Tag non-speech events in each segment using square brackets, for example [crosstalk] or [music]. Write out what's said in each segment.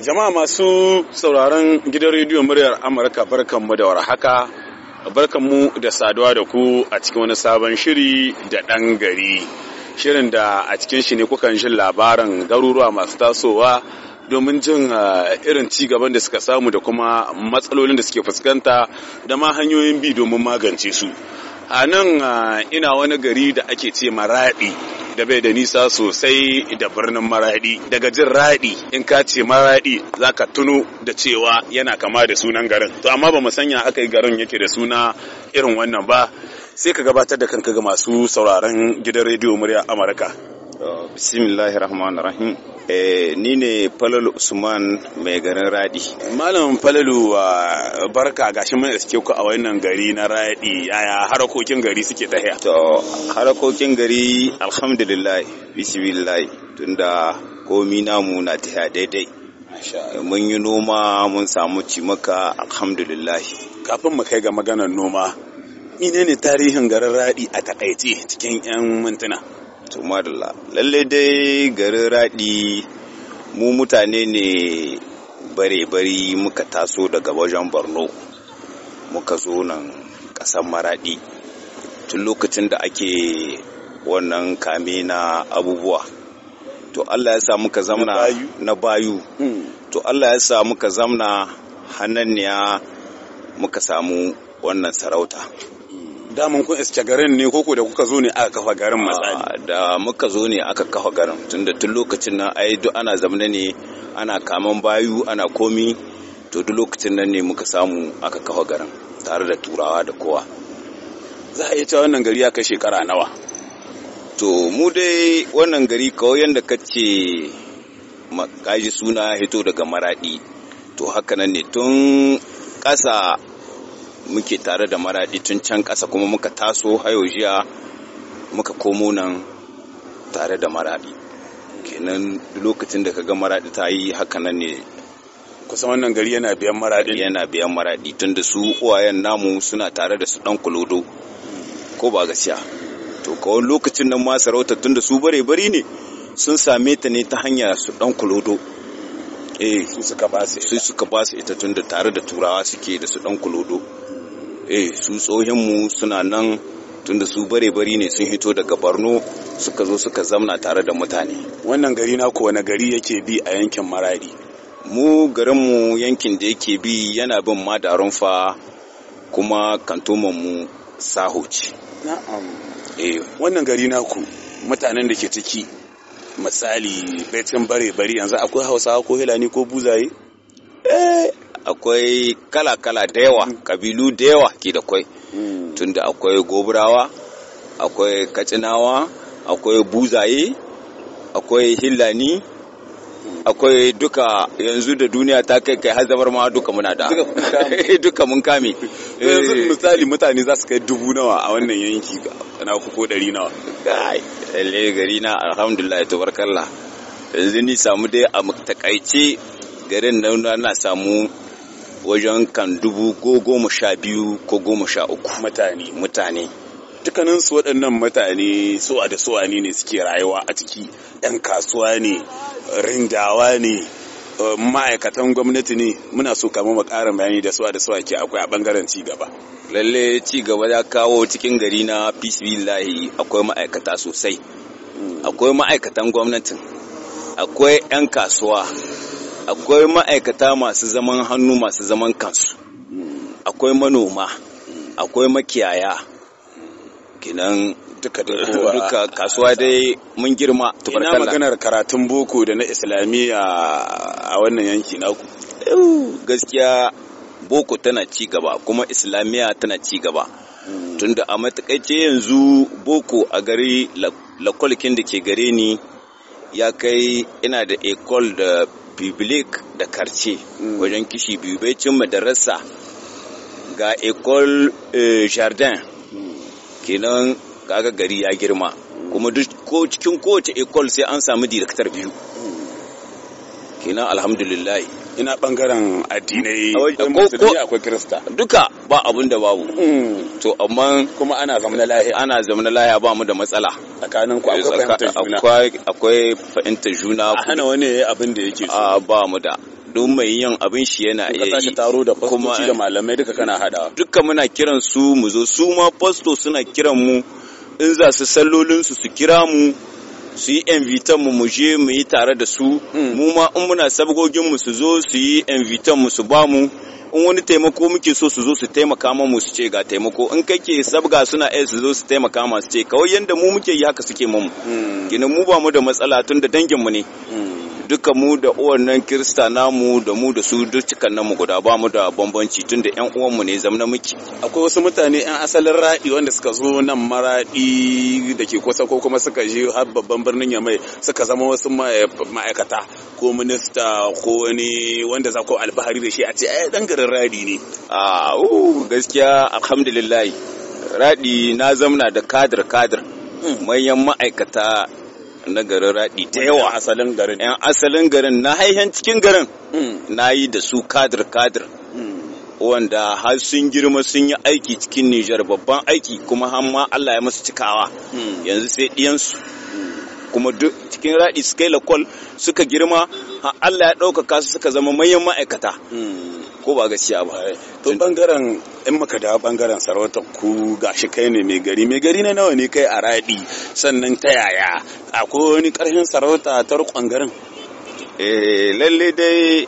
Jama'a masu sauraron gidan rediyon muryar Amurka barkanmu da warhaka. Barkanmu da saduwa da ku a cikin wani sabon shiri da ɗan gari. Shirin da a cikin shi ne kukan jin labaran garuruwa masu tasowa domin jin eh, irin ci gaban da suka samu da kuma matsalolin da suke fuskanta da ma hanyoyin bi domin magance su. a nan ina wani gari da ake ce maraɗi da bai da nisa sosai da birnin maraɗi daga jin raɗi in ka ce maraɗi za ka tuno da cewa yana kama da sunan garin to amma ba mu sanya aka yi garin yake da suna irin wannan ba sai ka gabatar da kanka ga masu sauraron gidan rediyo murya amurka bismillahi rahman rahim eh, ni ne falalu usman mai garin radi malam falalu wa barka gashi mun iske ku a wannan gari na radi yaya harakokin gari suke tahiya to harakokin gari alhamdulillah bismillah tunda komi namu na ta daidai mun yi noma mun samu cimaka alhamdulillah kafin mu kai ga maganar noma menene tarihin garin radi a takaice cikin 'yan mintuna to lalle dai garin raɗi mu mutane ne bare-bari muka taso daga wajen borno muka zo nan ƙasar maraɗi tun lokacin da ake wannan kame na abubuwa to allah ya sa muka zamna na bayu hmm. to allah ya sa muka zamna hannanniya muka samu wannan sarauta daman kun iska garin ne koko da kuka zo ne aka kafa garin matsali ah, da muka zo ne aka kafa garin tunda tun lokacin nan ai duk ana zamana ne ana kaman bayu ana komi to duk lokacin nan ne muka samu aka kafa garin tare da turawa da kowa za a iya cewa wannan gari ya kai shekara nawa to mu dai wannan gari kawai yadda kace kaji suna hito daga maradi to haka nan ne tun ƙasa muke tare da maradi tun can ƙasa kuma muka taso hayo jiya muka komo nan tare da maradi kenan lokacin da kaga maradi ta yi haka nan ne kusan wannan gari yana biyan maradi yana biyan maradi tun da su uwayen namu suna tare da su dan kulodo ko ba gaskiya to kawai lokacin nan ma sarauta tun da su bare bari ne sun same ta ne ta hanya su dan kulodo eh su suka ba su su suka ba su ita tunda tare da turawa suke da su dan kulodo eh su tsohinmu suna nan tunda su bare bari ne sun hito daga Borno suka zo suka zamna tare da mutane wannan gari na ko wani gari yake bi a yankin Maradi mu garinmu yankin da yake bi yana bin madarun fa kuma kantomanmu mu sahoci. na'am eh wannan gari na ku mutanen da ke ciki misali baitin bare bari yanzu akwai hausawa ko hilani ko buzaye eh akwai kala-kala da yawa mm. kabilu da yawa ke da kwai mm. tunda akwai goburawa akwai kacinawa akwai buzaye akwai hilani. akwai duka yanzu da duniya ta kai kai har zabar ma duka muna da duka mun kame [laughs] yanzu eh. misali mutane za su kai dubu nawa a wannan yanki na ku ko dari nawa lalle gari na alhamdulillah tabarakallah yanzu ni samu dai a takaice garin nan na samu wajen kan dubu ko goma sha biyu ko goma sha uku mutane mutane su waɗannan mutane suwa da suwani ne suke rayuwa a ciki 'yan kasuwa ne rindawa ne eh, ma'aikatan gwamnati ne muna so kama mu ƙarin bayani da suwa da suwa ke akwai a ɓangaren cigaba. lalle cigaba ya kawo cikin gari na bisbillahi akwai ma'aikata sosai akwai ma'aikatan gwamnatin akwai 'yan kasuwa akwai ma'aikata masu zaman hannu masu zaman kansu akwai manoma akwai makiyaya kenan duka [laughs] duka kasuwa dai mun girma ina maganar karatun boko da na islamiyya a wannan yanki naku gaskiya boko tana ci gaba kuma islamiyya tana ci gaba hmm. tunda a matakaice yanzu boko a gari lakolkin da ke gare ni ya kai ina da ekol da biblik da karce wajen kishi biyu bai cin madarasa ga ekol eh, jardin kenan kaga gari ya girma kuma duk cikin kowace ecole sai an samu director biyu kenan alhamdulillah ina bangaren addinai musulmi akwai krista duka ba abun da babu mm. to amma kuma ana zamanin lahiya ana zamanin lahiya ba mu da matsala tsakanin ku akwai fahimtar juna akwai fahimtar juna a hana wani abin da yake ba mu da duk mai yin abin shi yana iya yi taro da fastoci da malamai duka kana hada duka muna kiran su mu zo su ma fasto suna kiran mu in za su sallolin su su kira mu su yi invitan mu mu je mu yi tare da su hmm. mu ma in muna sabgogin mu su zo su yi invitan mu su ba mu in wani taimako muke so su zo su taimaka ma mu su ce ga taimako in kake sabga suna iya su zo su taimaka ma su ce kawai yanda mu muke yi haka suke mu hmm. gina mu ba mu da matsala tun da dangin mu ne hmm. duka mu da uwan nan kirista namu da mu da su dukkan mu guda ba mu da bambanci tun da 'yan mu ne zamna muke akwai wasu mutane 'yan asalin raɗi wanda suka zo nan maraɗi da ke kusa ko kuma suka je har babban birnin ya mai suka zama wasu ma'aikata ko minista ko wani wanda za ku albahari da shi a ce ai dan garin raɗi ne a gaskiya alhamdulillah raɗi na zamna da kadir kadir hmm. manyan ma'aikata na garin raɗi da yawa asalin garin yan asalin garin na haihen cikin garin hmm. na yi da su kadir kadir hmm. wanda har sun girma sun yi aiki cikin Nijar babban aiki kuma har Allah ya masu cikawa hmm. yanzu sai ɗiyansu kuma duk cikin raɗi suka yi lakol suka girma har Allah ya ɗaukaka su suka zama manyan ma'aikata ko ba gaskiya ba eh, to bangaren in muka da bangaren sarautar ku gashi kai ne mai gari mai gari na nawa ne kai a raɗi sannan ta yaya akwai wani ƙarfin sarauta ta rukon garin eh lalle dai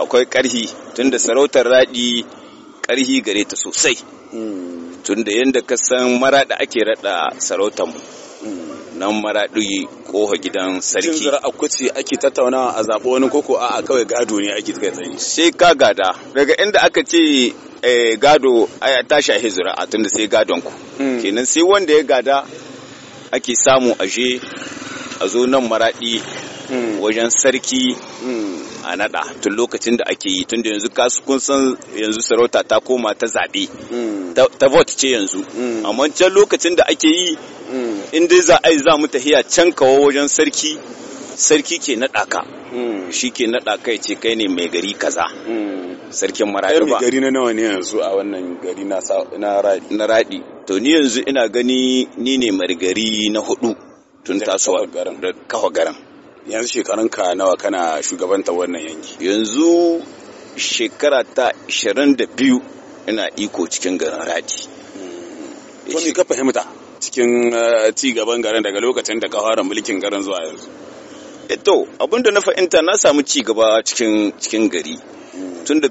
akwai karhi tunda sarautar radi karhi gare ta sosai hmm. tunda yanda ka san marada ake raɗa sarautar mu nan maraɗi koha gidan sarki. cin a ake tattauna a zaɓo wani koko a kawai gado ne ake kai tsaye. Sai ka gada daga inda aka ce eh, gado tashi hezura a tunda sai gadon ku. Hmm. Kenan sai wanda ya gada ake samu aje a zo nan maraɗi hmm. wajen sarki hmm. a nada tun lokacin da ake yi tun da yanzu kun san yanzu sarauta ta koma ta zaɓe ta vote ce yanzu amma can lokacin da ake yi in dai za a yi za mu tahiya can kawo wajen sarki sarki ke naɗa ka hmm. shi ke naɗa kai ce kai ne mai gari kaza hmm. sarkin maraɗi ba gari na nawa ne yanzu a wannan gari na raɗi to ni yanzu ina gani ni ne margari na hudu tun tasowa da kawo garin yanzu shekarun ka nawa kana shugabanta wannan yanki yanzu shekara ta 22 ina iko cikin garin raɗi hmm. to ni ka fahimta cikin eh, ci gaban garin daga lokacin da ka fara mulkin garin zuwa yanzu eh, to abinda na fa'inta na samu ci gaba cikin cikin gari tunda da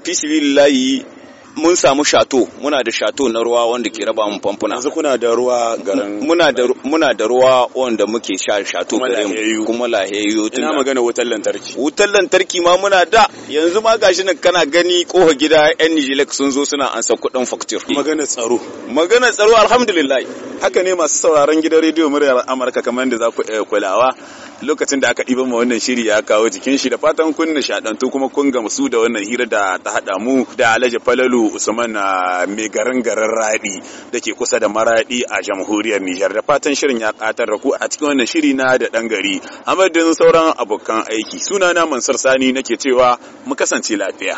mun samu shato muna da shato na ruwa wanda ke raba mu famfuna yanzu kuna da ruwa garin muna da muna da ruwa wanda muke sha shato garin kuma kuma tun ina magana wutar lantarki wutar lantarki ma muna da yanzu ma gashi nan kana gani koha gida yan Nijilek sun zo suna ansa kudin facture magana tsaro magana tsaro alhamdulillah haka ne masu sauraron gidan rediyo muryar Amurka kamar yadda za ku kulawa lokacin da aka ɗiba ma wannan shiri ya kawo jikin shi da fatan kun nishaɗantu kuma kun su da wannan hira da ta haɗa mu da Alhaji Falalu Usman na ah, mai garin garin Raɗi da ke kusa da Maraɗi a jamhuriyar Nijar da fatan shirin ya ƙatar da ku a cikin wannan shiri na da ɗan gari amadin sauran abokan aiki sunana Mansur Sani nake cewa mu kasance lafiya.